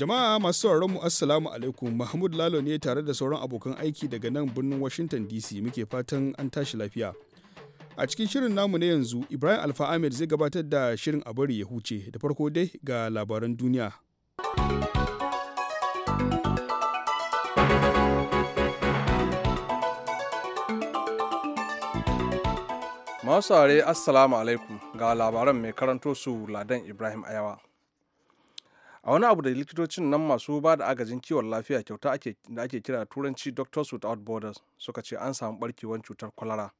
Jama'a masu sauraron mu Assalamu alaikum Mahmud Lalo ne tare da sauran abokan aiki daga nan birnin Washington DC muke fatan an tashi lafiya. A cikin shirin namu na yanzu Ibrahim Alfa Ahmed zai gabatar da shirin a bari ya huce da farko dai ga labaran duniya. Masu saurare Assalamu alaikum ga labaran mai karanto su Ladan Ibrahim Ayawa. a wani abu da likitocin nan masu ba da agajin kiwon lafiya kyauta da ake kira turanci doctors without borders suka ce an samu barkewar cutar kwalara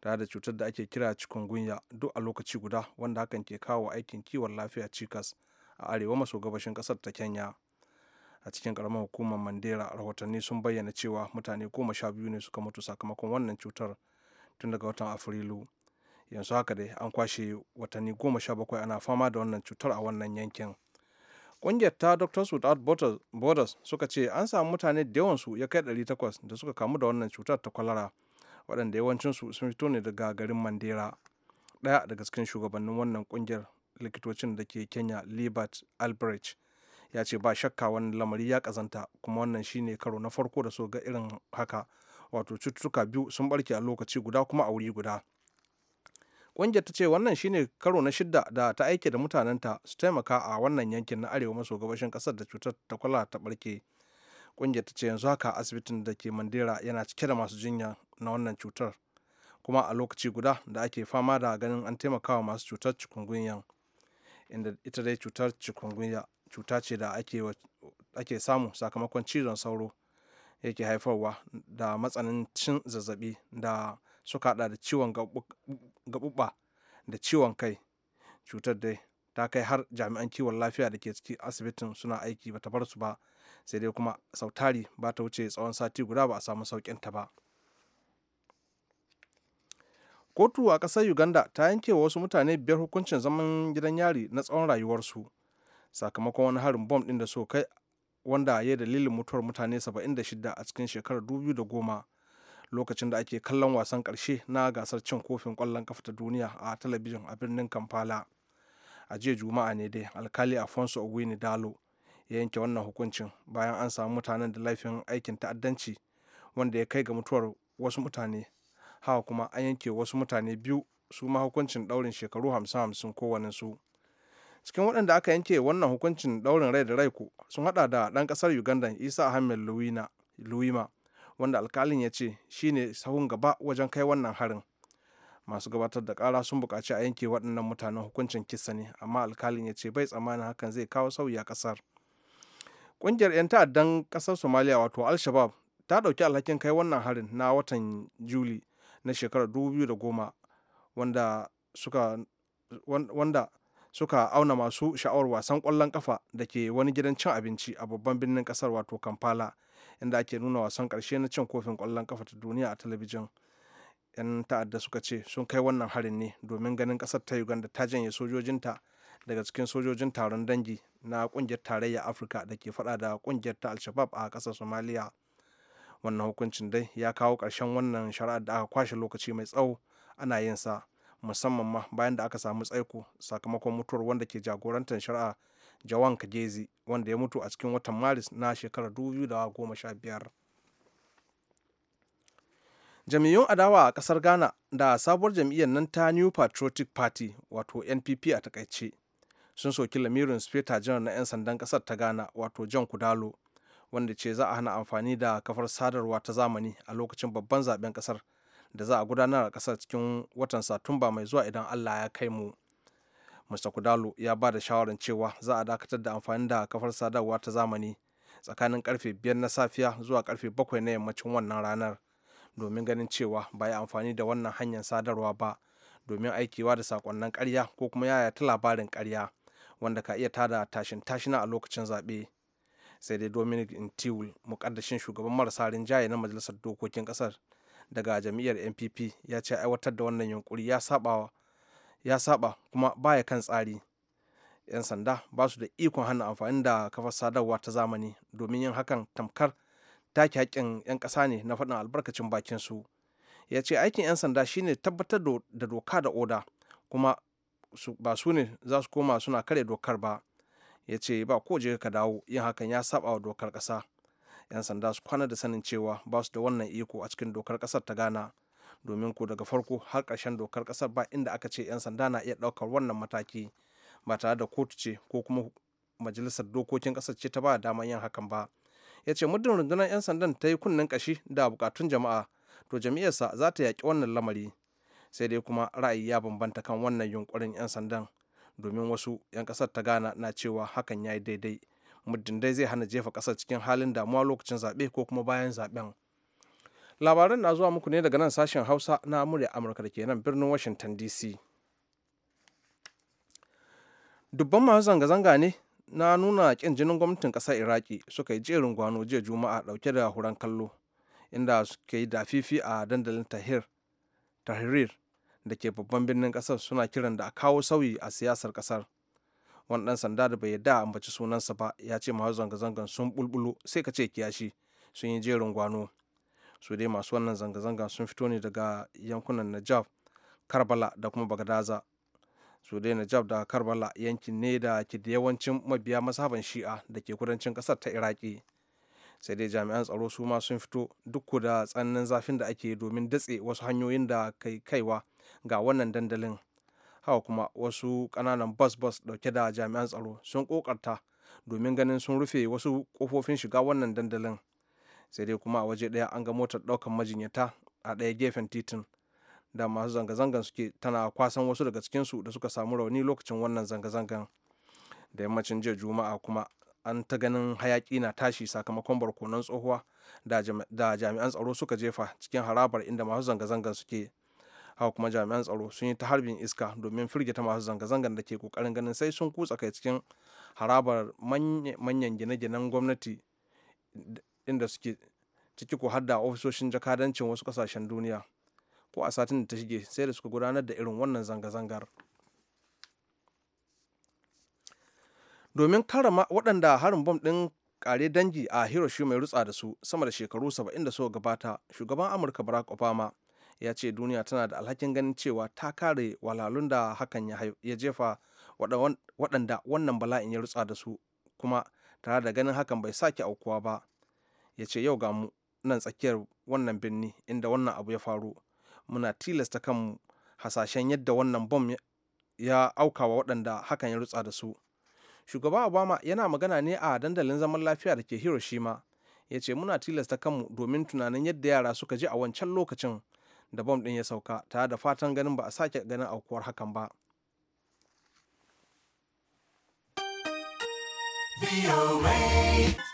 tare da cutar da ake kira cikin gunya duk a lokaci guda wanda hakan ke kawo aikin kiwon lafiya cikas a arewa maso gabashin kasar ta kenya a cikin karamar hukumar mandera rahotanni sun bayyana cewa mutane goma sha biyu ne suka mutu sakamakon wannan cutar tun daga watan afrilu yanzu haka dai an kwashe watanni goma sha bakwai ana fama da wannan cutar a wannan yankin ƙungiyar ta doctors without borders suka ce an samu mutane da su ya kai 800 da suka kamu da wannan cutar ta kwalara waɗanda yawancinsu sun fito ne daga garin mandera ɗaya daga cikin shugabannin wannan kungiyar likitocin da ke kenya libert albrecht ya ce ba shakka wannan lamari ya kazanta kuma wannan shine karo na farko da so ga irin haka wato cututtuka biyu sun barke a lokaci guda kuma a wuri guda Ƙungiyar ta ce wannan shine karo na shidda da ta aike da mutanenta su taimaka a wannan yankin na arewa maso gabashin kasar da cutar ta kula ta ɓarke. Ƙungiyar ta ce yanzu haka asibitin da ke Mandera yana cike da masu jinya na wannan cutar. Kuma a lokaci guda da ake fama da ganin an taimaka wa masu cutar cikungunya Inda ita dai cutar cikungunya cuta ce da ake samu sakamakon cizon sauro yake haifarwa da matsanancin zazzabi da suka hada da ciwon gaɓuɓɓa da ciwon kai cutar dai ta kai har jami'an kiwon lafiya da ke ciki asibitin suna aiki ba ta bar su ba sai dai kuma sautari ba ta wuce tsawon sati guda ba a samu saukin ta ba kotu a ƙasar uganda ta yanke wa wasu mutane biyar hukuncin zaman gidan yari na tsawon rayuwarsu sakamakon wani harin bom ɗin da so kai wanda ya yi dalilin mutuwar mutane 76 a cikin shekarar 2010 lokacin da ake kallon wasan ƙarshe na gasar cin kofin ƙwallon kafa ta duniya a talabijin a birnin kampala a jiya juma'a ne dai alkali afonso ogwini dalo ya yanke wannan hukuncin bayan an samu mutanen da laifin aikin ta'addanci wanda ya kai ga mutuwar wasu mutane haka kuma an yanke wasu mutane biyu su ma hukuncin ɗaurin shekaru hamsin hamsin kowane su cikin waɗanda aka yanke wannan hukuncin ɗaurin rai da rai sun haɗa da ɗan ƙasar uganda isa ahmed luwima wanda alkalin ya ce shi ne sahun gaba wajen kai wannan harin masu gabatar da kara sun bukaci a yanke waɗannan mutanen hukuncin kisa ne amma alkalin ya ce bai tsammanin hakan zai kawo sauyi a ƙasar ƙungiyar 'yan ta'addan ƙasar somaliya wato al-shabab ta ɗauki alhakin kai wannan harin na watan juli na shekarar 2010 wanda suka wanda suka auna masu sha'awar wasan ƙwallon kafa da ke wani gidan cin abinci a babban birnin ƙasar wato kampala inda ake nuna wasan karshe na cin kofin kwallon kafa ta duniya a talabijin yan ta'adda suka ce sun kai wannan harin ne domin ganin kasar ta uganda ta janye sojojinta daga cikin sojojin taron dangi na kungiyar tarayya afirka da ke fada da kungiyar ta alshabab a kasar somaliya wannan hukuncin dai ya kawo ƙarshen wannan shari'ar da aka kwashe lokaci mai tsawo ana yin sa musamman ma bayan da aka samu tsaiko sakamakon mutuwar wanda ke jagorantar shari'a jawan kajezi wanda ya mutu a cikin watan maris na shekarar 2015 jami'un adawa a kasar ghana da sabuwar jam'iyyar nan ta new patriotic party wato npp a takaice sun soki lamirin speta janar na 'yan sandan kasar ta ghana wato john kudalo wanda ce za a hana amfani da kafar sadarwa ta zamani a lokacin babban zaben kasar da za a gudanar a kasar cikin watan satumba mai zuwa idan allah ya kai mu mr kudalo ya ba da shawarar cewa za a dakatar da amfani da kafar sadarwa ta zamani tsakanin karfe 5 na safiya zuwa karfe 7 na yammacin wannan ranar domin ganin cewa ba ya amfani da wannan hanyar sadarwa ba domin aikewa da sakonnin karya ko kuma yayata labarin karya wanda ka iya tada tashin tashina a lokacin zaɓe sai dai dominic intiwul mukaddashin shugaban marasa rinjaye na majalisar dokokin kasar daga jam'iyyar npp ya ce aiwatar da wannan yunkuri ya sabawa ya saba kuma baya kan tsari 'yan sanda ba su da ikon hana amfani da kafar sadarwa ta zamani domin yin hakan tamkar take haƙƙin 'yan ƙasa ne na faɗin albarkacin bakin su ya ce aikin 'yan sanda shine tabbatar da doka da oda kuma ba su ne za su koma suna kare dokar ba ya ce ba ko je ka dawo yin hakan ya saba wa dokar ƙasa 'yan sanda su kwana da sanin cewa ba su da wannan iko a cikin dokar ƙasar ta ghana domin ko daga farko har ƙarshen dokar ƙasar ba inda aka ce 'yan sanda na iya ɗaukar wannan mataki ba tare da kotu ce ko kuma majalisar dokokin ƙasar ce ta ba damar yin hakan ba ya ce muddin rundunar 'yan sandan ta yi kunnen kashi da bukatun jama'a to jam'iyyarsa za ta yaƙi wannan lamari sai dai kuma ra'ayi ya bambanta kan wannan yunkurin 'yan sandan domin wasu 'yan ƙasar ta gana na cewa hakan ya yi daidai muddin dai zai hana jefa ƙasar cikin halin damuwa lokacin zaɓe ko kuma bayan zaɓen. labaran na zuwa muku ne daga nan sashen hausa na murya amurka da ke nan birnin washington dc dubban masu zanga-zanga ne na nuna kin jinin gwamnatin kasar iraki suka yi jerin gwano jiya juma'a dauke da huran kallo inda suka yi fifi a dandalin tahir tahrir da ke babban birnin kasar suna kiran da a kawo sauyi a siyasar kasar wani dan sanda da bai yarda ambaci sunansa ba ya ce masu zanga-zangan sun bulbulo sai ka ce kiyashi sun yi jerin gwano su dai masu wannan zanga-zanga sun fito ne daga yankunan najaf karbala da kuma bagdaza su dai najaf da karbala yankin ne da ke da yawancin mabiya masaban shi'a da ke kudancin kasar ta iraki sai dai jami'an tsaro su ma sun fito duk da tsananin zafin da ake domin datse wasu hanyoyin da kai kaiwa ga wannan dandalin hawa kuma wasu kananan bas bas dauke da jami'an tsaro sun kokarta domin ganin sun rufe wasu kofofin shiga wannan dandalin sai dai kuma a waje daya an ga motar ɗaukan majinyata a daya gefen titin da masu zanga-zangan suke tana kwasan wasu daga cikinsu da suka samu rauni lokacin wannan zanga-zangan da yammacin jiya juma'a kuma an ta ganin hayaki na tashi sakamakon barkonon tsohuwa da jami'an tsaro suka jefa cikin harabar inda masu zanga-zangan suke haka kuma jami'an tsaro sun yi ta harbin iska domin firgita masu zanga-zangan da ke kokarin ganin sai sun kutsa kai cikin harabar manyan gine-ginen gwamnati inda suke ciki ko har da ofisoshin jakadancin wasu kasashen duniya ko a satin da ta shige sai da suka gudanar da irin wannan zanga-zangar domin karama waɗanda harin bom ɗin kare dangi a hiroshima ya rutsa da su sama da shekaru 70 da suka gabata shugaban amurka barack obama ya ce duniya tana da alhakin ganin cewa ta kare walalun da hakan ya jefa waɗanda wannan bala'in ya rutsa da su kuma tare da ganin hakan bai sake aukuwa ba ya ce yau ga mu nan tsakiyar wannan birni inda wannan abu ya faru muna tilasta kanmu hasashen yadda wannan bom ya aukawa waɗanda hakan ya rutsa da su shugaba obama yana magana ne a dandalin zaman lafiya da ke hiroshima ya ce muna tilasta kanmu domin tunanin yadda yara suka ji a wancan lokacin da bom ɗin ya sauka tare da fatan ganin ba a sake ganin aukuwar hakan ba VOA.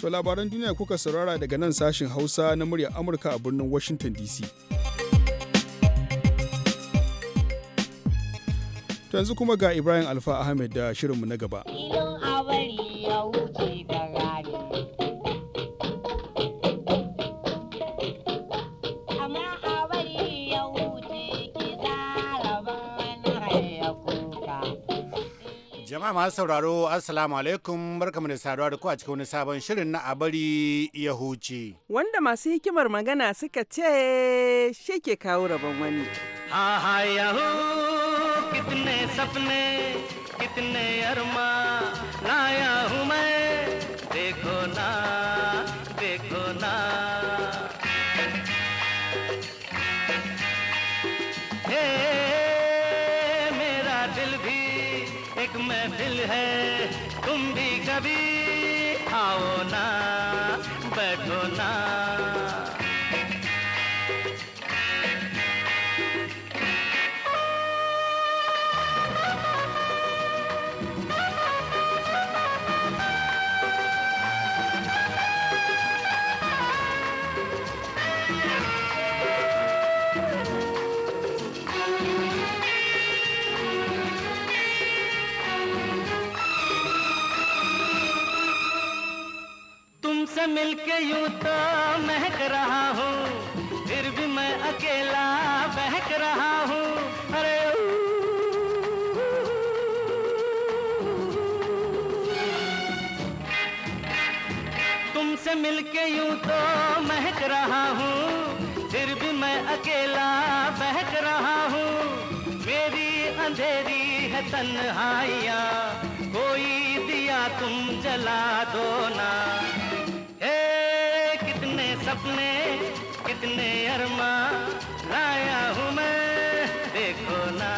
To labaran duniya kuka saurara daga nan sashin Hausa na muryar Amurka a birnin Washington DC. To yanzu kuma ga Ibrahim Alfa Ahmed da shirinmu na gaba. Jama'a masu sauraro Assalamu alaikum barkamu da saduwa da ku a cikin wani sabon shirin na abari ya huce. Wanda masu hikimar magana suka ce shi ke kawo rabon wani. Ha ha kitne sapne kitne यूं तो महक रहा हूँ फिर भी मैं अकेला बहक रहा हूँ अरे तुमसे मिलके यूं तो महक रहा हूँ फिर भी मैं अकेला बहक रहा हूँ मेरी अंधेरी है तन्हाइया कोई दिया तुम जला दो ना शर्मा लाया हूँ मैं देखो ना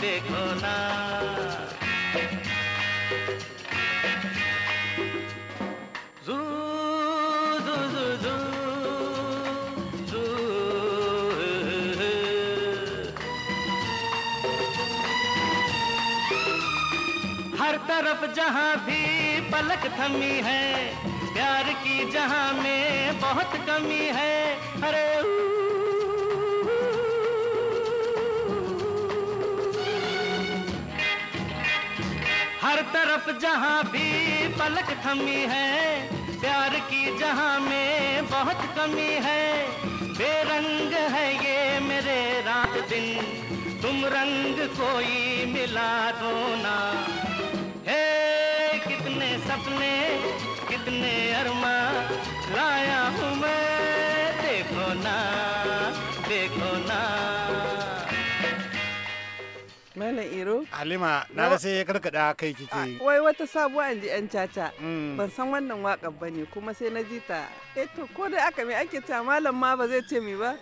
देखो ना हर तरफ जहाँ भी पलक थमी है प्यार की जहाँ में बहुत कमी है हर तरफ जहाँ भी पलक थमी है प्यार की जहाँ में बहुत कमी है बेरंग है ये मेरे रात दिन तुम रंग कोई मिला दो ना हे कितने सपने wannan Iro. Halima, na da sai ya karkada kai kike. Wai wata sabuwa in ji yan caca. Mm. Ban san wannan waƙar ba ne kuma sai na ji ta. Eh to ko dai aka mai ake ta malam ma ba zai ce mi ba.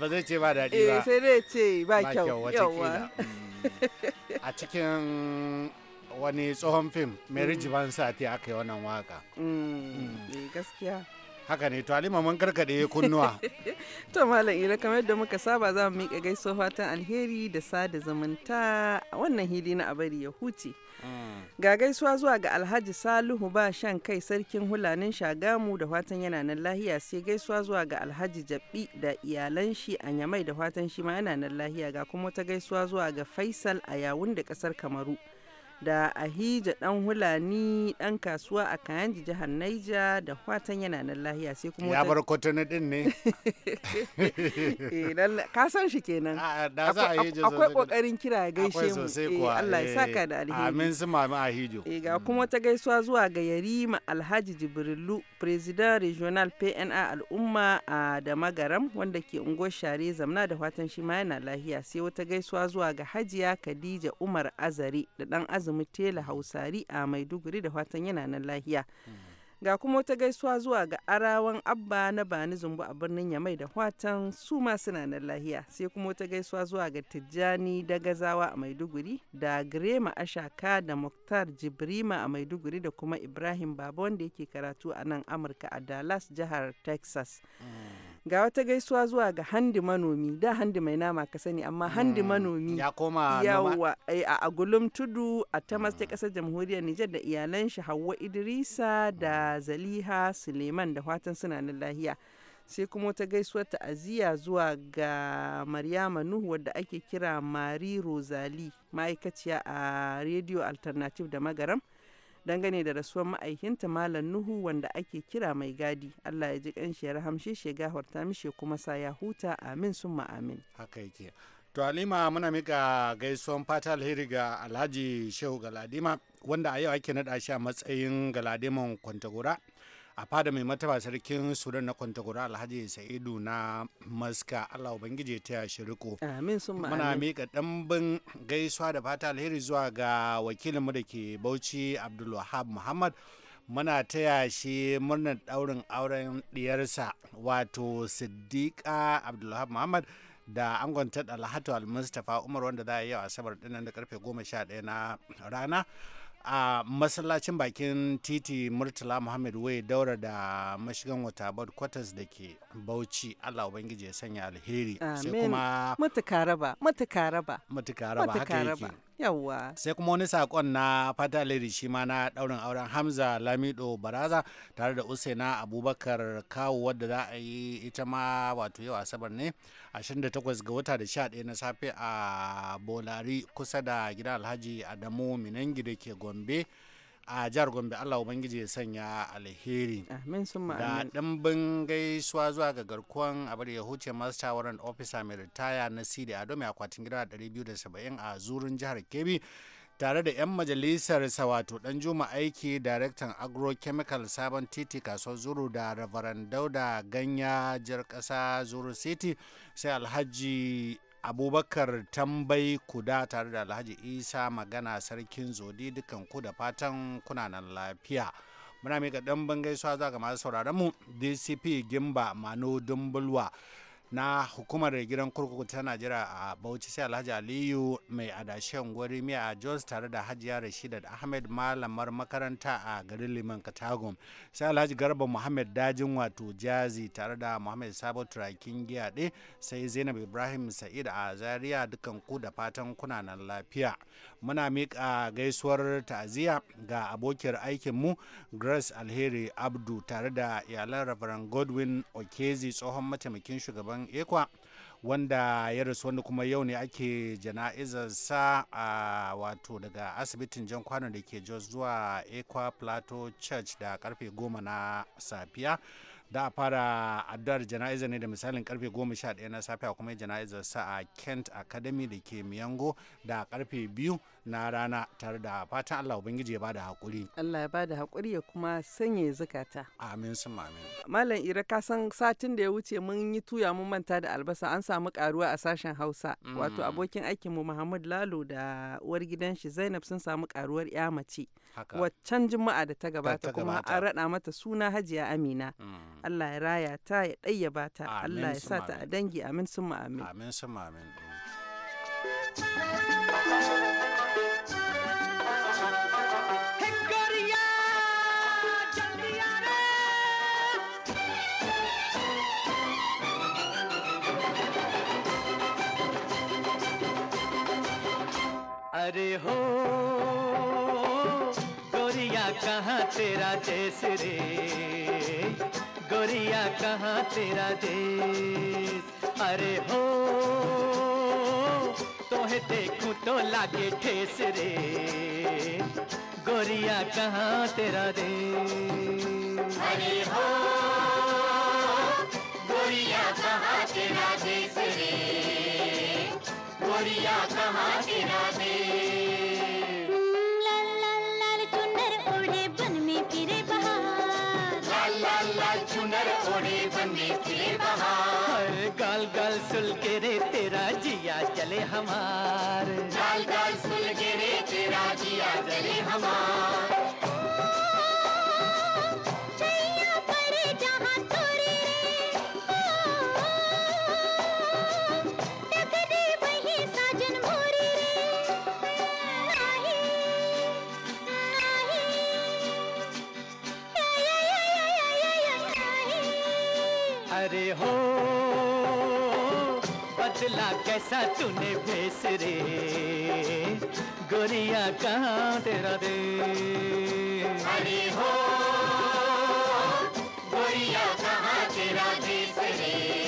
Ba zai ce ba daɗi eh, ba. Eh sai dai ce ba kyau. Yawa. Mm. A cikin wani tsohon fim, Mary Jiban Sati aka yi wannan waka. Mm, eh, gaskiya. haka ne to alima mun karkade kunnuwa to malam ira kamar yadda muka saba za mu miƙa gaiso fatan alheri da sada zumunta a wannan hili na abari ya huce mm. ga gaisuwa zuwa ga alhaji saluhu ba shan kai sarkin hulanin shagamu da fatan yana nan lahiya sai gaisuwa zuwa ga alhaji jabbi da iyalan shi a nyamai da fatan shi ma yana nan lahiya ga kuma wata gaisuwa zuwa ga faisal a yawun da kasar kamaru da ahija dan hulani dan kasuwa a kayanji jihar naija da watan yana nan lahiya sai kuma ya bar kotuna din ne eh, ka san shi kenan ah, akwai kokarin kira gaishe mu eh, Allah ya saka da eh, alheri amin su mami ahijo ga mm. kuma ta gaisuwa zuwa ga yarima alhaji jibrilu presidan regional pna al'umma a da magaram wanda ke unguwar share zamna da fatan shi ma yana lahiya sai wata gaisuwa zuwa ga hajiya khadija umar azare da dan azumi tela hausari a maiduguri da fatan yana nan lahiya hmm. Ga kuma wata gaisuwa zuwa ga arawan abba na bani zumbu a birnin Yamai da watan su ma suna nan lahiya. Sai kuma wata gaisuwa zuwa ga Tijjani da Gazawa a Maiduguri da Grema Ashaka da Muktar Jibrima a Maiduguri da kuma Ibrahim Baba wanda yake karatu a nan Amurka a Dallas jihar Texas. Mm. ga wata gaisuwa zuwa ga handi manomi da handi mai nama ka sani amma handi mm, manomi ya yawa eh, a agulum tudu a tamas ta kasar jamhuriyar nijar da iyalan shi hawa idrisa da zaliha suleiman da fatan suna na lahiya sai kuma wata gaisuwar ta'aziyya zuwa ga maryama nuhu wadda ake kira mari rosali ma'aikaciya a radio alternative da magaram dangane da rasuwar ma'aikinta Malam Nuhu wanda ake kira mai gadi. Allah ya ji shi ya rahamshe shi ya gafarta mishi kuma sa ya huta amin summa amin. Haka yake. To Halima muna mika gaisuwan fata alheri ga Alhaji Shehu Galadima wanda a yau ake naɗa shi a matsayin Galadiman Kwantagora. a fada mai mataba sarkin sudan na kwantagora alhaji sa'idu na maska allah ubangiji ya taya shi riko amin muna mika ɗanbin gaisuwa da fata alheri zuwa ga wakilinmu da ke bauchi abdulwahab muhammad muna taya shi murnar ɗaurin auren ɗiyarsa wato siddiqa abdulwahab muhammad da angon ta Lahatu al-mustapha umar wanda za a yi yau asabar dinnan da karfe 11 na rana a masallacin bakin titi murtala muhammad wai daura da mashigan wata bad kwatas da ke bauchi allah ubangiji ya sanya alheri sai kuma mutuka raba mutuka raba mutuka raba haka yake yawwa sai kuma wani sakon na fata alheri shi ma na daurin auren hamza lamido baraza tare da usaina abubakar kawo wadda za a yi ita ma wato yau asabar ne 28 ga wata da 11 na safe a bolari kusa da gidan alhaji adamu minangi da ke gombe a jihar gombe allah ubangiji ya sanya alheri da dimbin gaisuwa zuwa ga garkuwan abar ya huce master warrant officer mai ritaya na cd a domin akwatin gida 270 a zurin jihar kebbi tare da 'yan majalisar sawato dan juma aiki daraktan agrochemical sabon titi kasuwar zuru da rabaran dauda ganya jar kasa zuru city sai alhaji abubakar tambayi kuda tare da alhaji isa magana sarkin zodi dukan ku da fatan kuna nan lafiya muna ga ɗan gaisuwa za ga masu sauraron mu dcp gimba mano dumbulwa na hukumar gidan kurkuku ta najeriya a bauchi sai alhaji aliyu mai adashen gwari miya a jos tare da hajiya rashidat ahmed malamar makaranta a garin liman katagum sai alhaji garba muhammad dajin wato jazi tare da muhammad sabo turakin giyaɗe sai zainab ibrahim sa'id a zaria dukan ku da fatan kuna nan lafiya muna miƙa gaisuwar ta'aziyya ga abokiyar aikin mu grace alheri abdu tare da iyalan rabaran godwin okezi tsohon mataimakin shugaban Ekwa wanda ya rasu wanda kuma yau ne ake jana'izarsa a wato daga asibitin jan kwano da ke Jos zuwa Ekwa Plateau Church da karfe goma na safiya. da a fara addu'ar jana'izar ne da misalin karfe 11 na safiya kuma jana'izar sa a kent academy da ke miyango da karfe biyu na rana tare da fatan Allah Ubangiji ya bada hakuri. Allah ya bada hakuri ya kuma sanya zukata. Amin sun amin. Malam Ira ka san satin da ya wuce mun yi tuya mun manta da albasa an samu karuwa a sashen Hausa. Mm. Wato abokin aikin mu Muhammad Lalo da uwar gidan shi Zainab sun samu karuwar ya mace. Waccan juma'a da ta gabata kuma an raɗa mata suna Hajiya Amina. Mm. Allah ya raya ta ya ɗayyaba ta. Allah ya sa ta a dangi amin sun amin. Amin sun amin. Thank you. अरे हो गोरिया कहाँ तेरा देश रे गोरिया कहाँ तेरा देश अरे हो तोहे देखू तो लागे ठेस रे गोरिया कहाँ तेरा देश अरे हो गोरिया कहाँ तेरा देश रे गोरिया कहाँ से राधे लाल लाल लाल चुनर ओढ़े बन में फिरे बहार लाल लाल लाल चुनर ओढ़े बन में फिरे बहार गाल गाल सुल के रे तेरा जिया चले हमार गाल गाल सुल के रे तेरा जिया चले हमार बदला कैसा तूने भेस रे गोरिया कहाँ तेरा दे हरी हो गोरिया कहाँ तेरा भेस रे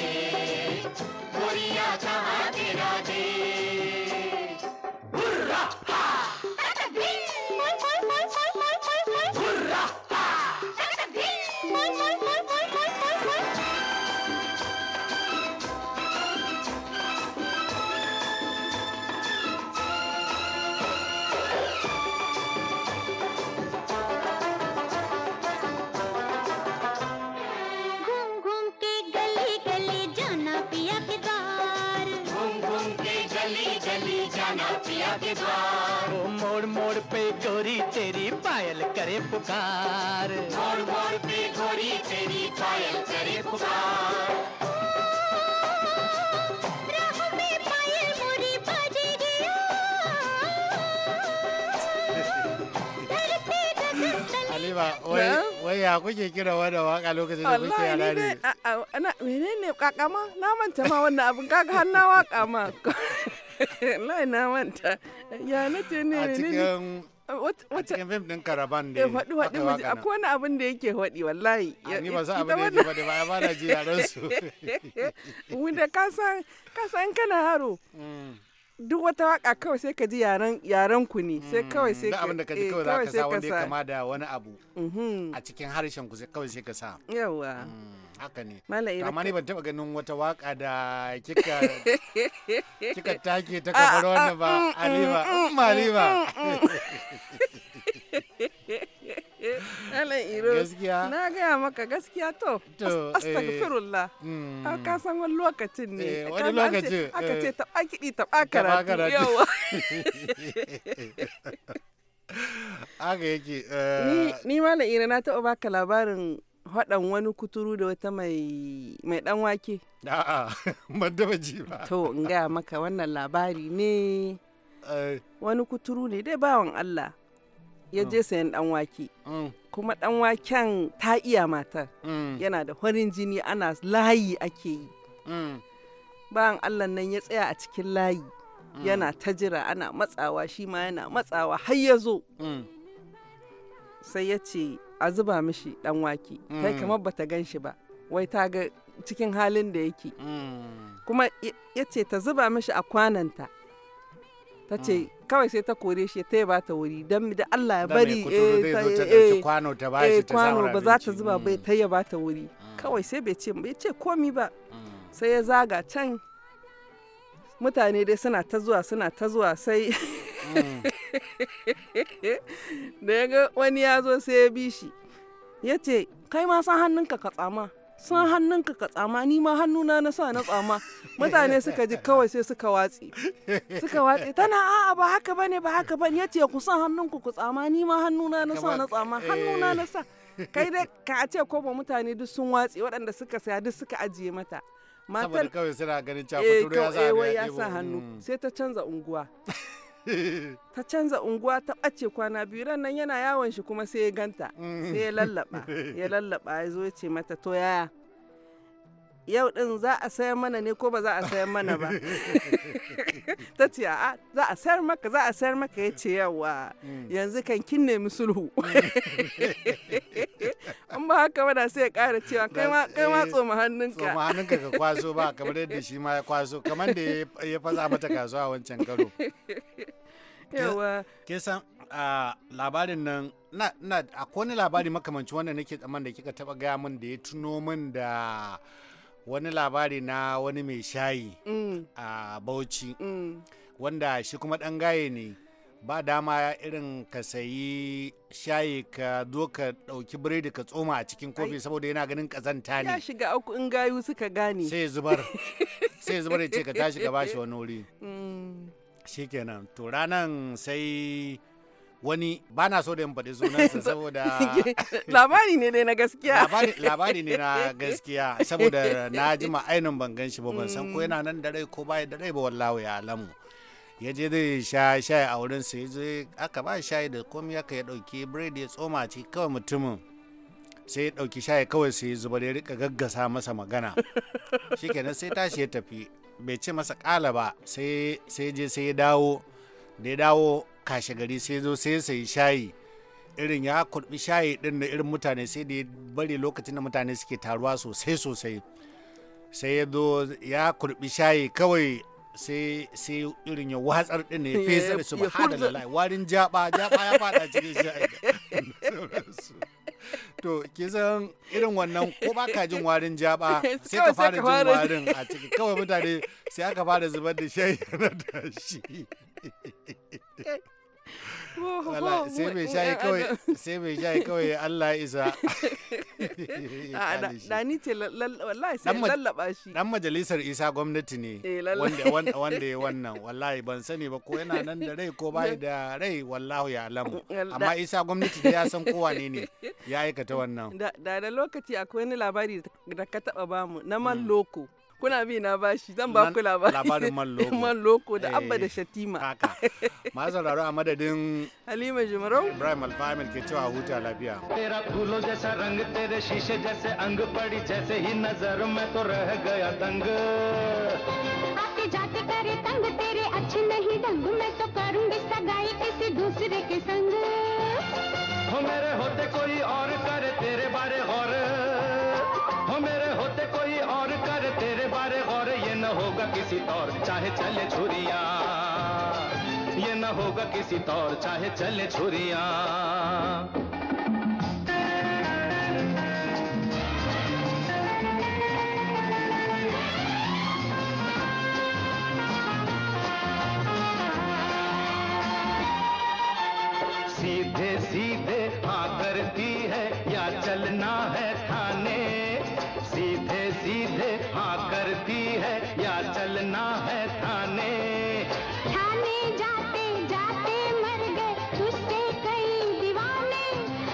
kuke kira wannan waka lokacin da kuke yara ne? Wallahi ne kakama na manta ma wannan abin kaga har na waka ma. Wallahi na manta. Ya na ce ne ne? A cikin fim din karaban ne. Eh, faɗi faɗi mu akwai wani abin da yake faɗi wallahi. Ni ba za abin da yake faɗi ba ya na ji yaran su. Wanda ka san kana haro. Mm. duk wata waka kawai sai ka ji yaren ku ne mm. mhm. sai kawai sai ka abin da ka ji kawai za ka sa wanda ya kama da wani abu a cikin harshen ku kawai sai ka sa yawa mm, haka ne amma ne ban taba ganin wata waka da kika kika take ta ah, kafar wannan ah, ba mm, aliba maliba Alan Iro. Gaskiya. Na gaya maka gaskiya to. Astagfirullah. Eh, hmm. Ka san wani lokacin ne. Eh, wani lokacin. Aka eh. ce taɓa kiɗi taɓa karatu. Yawa. Haka yake. Ni Malam Iro na taɓa baka labarin haɗan wani kuturu da wata mai mai ɗan wake. A'a, ban daba ba. To, in gaya maka wannan labari ne. Wani kuturu ne dai bawan Allah. ya mm. je sayan dan wake mm. kuma dan waken ta iya matar mm. yana da farin jini ana layi ake yi bayan allah nan ya tsaya a cikin layi yana ta jira ana matsawa shi ma yana matsawa har ya zo sai ya ce a zuba mishi dan wake kai kamar bata gan shi ba wai ta ga cikin halin da yake kuma ya ce ta zuba mishi a kwananta ta ce kawai sai ta kore shi ta ba ta wuri don da Allah ya bari kwano ba za ta zuba bai ta ya mm. ba ta wuri mm. kawai sai bai ce bai ce komi ba mm. sai ya zaga can mutane dai suna ta zuwa suna ta zuwa sai da ya ga wani ya zo sai ya bi shi ya ce kai ma san hannunka ka tsama san hannunka ka tsama ni ma hannuna na sa na tsama mutane suka ji kawai sai suka watse suka watse tana a'a ba haka bane ba haka bane yace ku san hannunku ku tsama ni ma hannuna na sa na tsama eh. hannuna na sa kai dai ka ce ko ba mutane duk sun watse waɗanda suka saya duk suka ajiye mata matar kawai suna ganin cewa eh, ya sa eh, hannu sai ta canza unguwa ta canza unguwa ta ɓace kwana biyu ran nan yana yawon shi kuma sai ya ganta mm. sai ya lallaba ya lallaba ya zo ya ce mata to yaya yau din za a sayan mana ne ko ba za a sayan mana ba ta ce a za a sayar maka za a sayar maka ya ce yawa mm. yanzu kan kin nemi sulhu an ba haka ba da sai ya kara cewa kai ma eh, tsoma hannunka tsoma hannunka ka kwaso ba kamar yadda shi ma ya kwaso kamar da ya faza mata kasuwa wancan karo yawa kin san labarin nan na na akwai wani labari makamancin wanda nake tsaman da kika taba gaya min da ya tuno min da wani labari na wani mai shayi mm. a bauchi mm. wanda shi kuma ɗan gaye ne ba dama irin ka sayi shayi ka zo ka ɗauki biredi ka tsoma a cikin kofi saboda yana ganin kazanta ne ya shiga uku in gayu suka gane sai zubar sai zubar ya ce ka tashi ka bashi wani wuri mm. shikenan to ranan sai wani ba na so da yin faɗi sunansa saboda labari ne dai na gaskiya labari ne na gaskiya saboda na ji ainihin ban gan shi ba ban san ko mm. yana nan da rai ko baya da rai ba wallahi ya alamu ya je zai sha shayi a wurin sa je aka ba shayi da komai aka ya dauki biredi ya tsoma ci kawai mutumin sai ya dauki shayi kawai sai zuba da ya rika gaggasa masa magana shikenan sai tashi ya tafi bai ce masa kala ba sai sai je sai ya dawo da ya dawo kashe gari sai zo sai sayi shayi irin ya kurbi shayi din da irin mutane sai da bari lokacin da mutane suke taruwa sosai sosai sai ya zo ya kurbi shayi kawai sai sai irin ya watsar din ne fesa da subhanallah warin jaba jaba ya fada cikin shayi to kisan irin wannan ko ba ka jin warin jaba sai ka fara jin warin a ciki kawai mutane sai aka fara zubar da shayi na tashi wala sai mai shayi kawai sai mai shayi kawai Allah isa da ce wallahi sai lallaba shi dan majalisar isa gwamnati ne eh, wanda wanda ya wannan wallahi ban sani ba ko yana nan da rai ko bai da rai wallahu ya alamu amma isa gwamnati da ya san ko ne ne ya aikata wannan da da lokaci akwai wani labari da ka taba bamu na mm. man loko kuna bi na bashi zan ba ku labari labarin loko man loko da abba da shatima haka ma sauraro a madadin halima jimarau ibrahim alfahim ke cewa huta lafiya tera फूलों जैसा rang tere शीशे जैसे ang padi जैसे hi nazar में to reh gaya tang आते जाते kare tang tere अच्छे nahi dang मैं to karungi sagai किसी dusre ke sang ho mere hote koi aur kare tere bare और किसी तौर चाहे चले छुरिया ये न होगा किसी तौर चाहे चले छुरिया सीधे सीधे हाँ करती है या चलना है थाने सीधे सीधे हाँ करती चलना है थाने थाने जाते जाते मर गए उसके कई दीवाने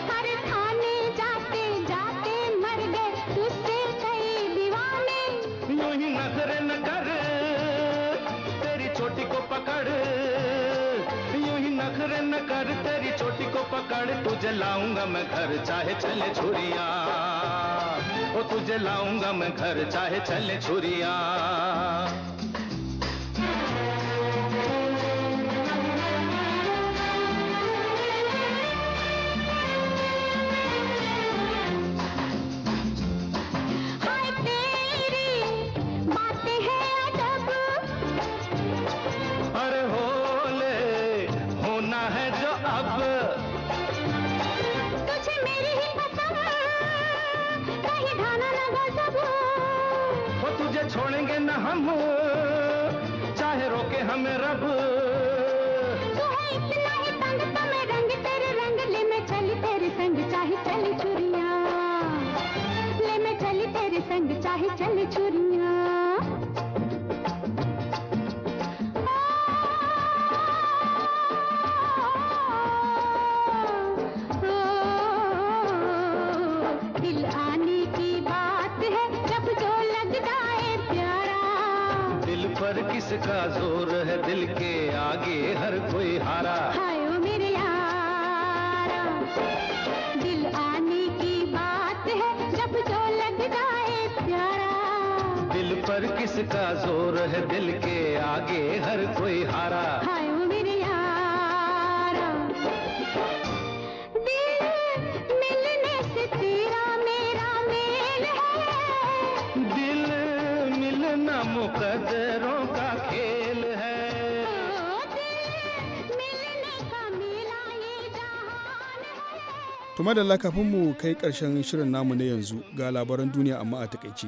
हर थाने जाते जाते मर गए उसके कई दीवाने यूं ही नजर न कर तेरी छोटी को पकड़ यूं ही नजर न कर तेरी छोटी को पकड़ तुझे लाऊंगा मैं घर चाहे चले छुरिया ओ तुझे लाऊंगा मैं घर चाहे चले छुरिया तुझे छोड़ेंगे ना हम चाहे रोके हमें रब रंग तेरे रंग ले चली तेरे संग चाहे चली चुरिया ले चली तेरे संग चाहे का जोर है दिल के आगे हर कोई हारा हाय ओ मेरे यारा दिल आने की बात है जब जो लग जाए प्यारा दिल पर किसका जोर है दिल के आगे हर कोई हारा हाय kuma da kafin mu kai karshen shirin namu na yanzu ga labaran duniya amma a takaice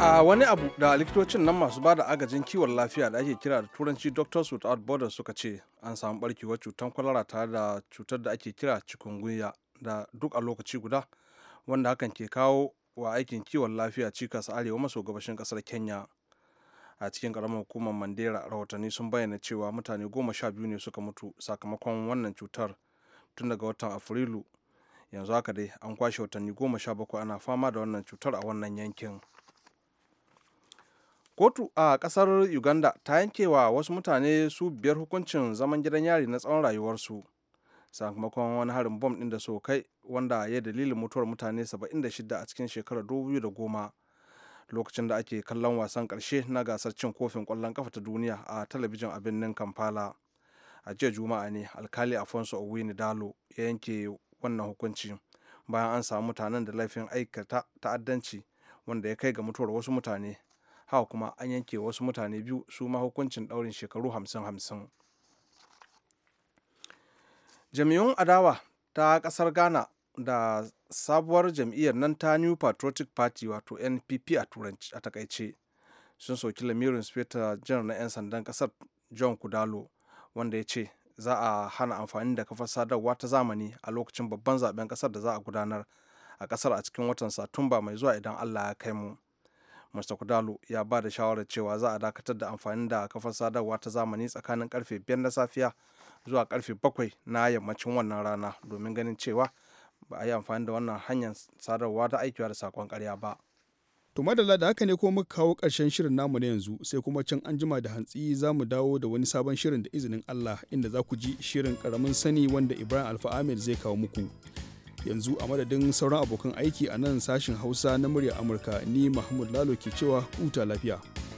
a wani abu da likitocin nan masu ba da agajin kiwon lafiya da ake kira da turanci doctors without borders suka ce an samu barkewar cutar kwalara tare da cutar da ake kira cikungunya da duk a lokaci guda wanda hakan ke kawo wa aikin kiwon lafiya cikas arewa maso gabashin kasar kenya a cikin karamar hukumar mandera rahotanni sun bayyana cewa mutane goma sha biyu ne suka mutu sakamakon wannan cutar tun daga watan afrilu yanzu haka dai an kwashe watanni goma sha bakwai ana fama da wannan cutar a wannan yankin kotu a kasar uganda ta yankewa wasu mutane su biyar hukuncin zaman gidan yari na tsawon rayuwarsu sakamakon wani harin bom ɗin da so kai wanda ya dalilin mutuwar mutane 76 a cikin shekarar 2010 lokacin da ake kallon wasan karshe na gasar cin kofin ƙwallon kafa ta duniya a talabijin a birnin kampala a jiya juma'a ne alkali afonso owini dalo ya yanke wannan hukunci bayan an samu mutanen da laifin aikata ta'addanci wanda ya kai ga mutuwar wasu mutane haka kuma an yanke wasu mutane biyu su ma hukuncin daurin shekaru hamsin hamsin jami'un adawa ta kasar ghana da sabuwar jam'iyyar nan ta new patriotic party wato npp a turanci a takaice sun soki lamirin speta janar na 'yan sandan kasar john kudalo wanda ya ce za a hana amfani da kafar sadarwa ta zamani a lokacin babban zaben kasar da za a gudanar a kasar a cikin watan satumba mai zuwa idan allah ya kai mu mr kudalo ya ba da shawarar cewa za a dakatar da amfani da kafar sadarwa ta zamani tsakanin karfe biyar na safiya zuwa karfe 7 na yammacin wannan rana domin ganin cewa ba a yi amfani da wannan hanyar sadarwa ta aikiwa da sakon karya ba. To madalla da haka ne ko muka kawo ƙarshen shirin namu na yanzu sai kuma can an jima da hantsi za mu dawo da wani sabon shirin da izinin Allah inda za ku ji shirin karamin sani wanda Ibrahim Alfa Ahmed zai kawo muku. Yanzu a madadin sauran abokan aiki a nan sashin Hausa na murya Amurka ni Mahmud Lalo ke cewa huta lafiya.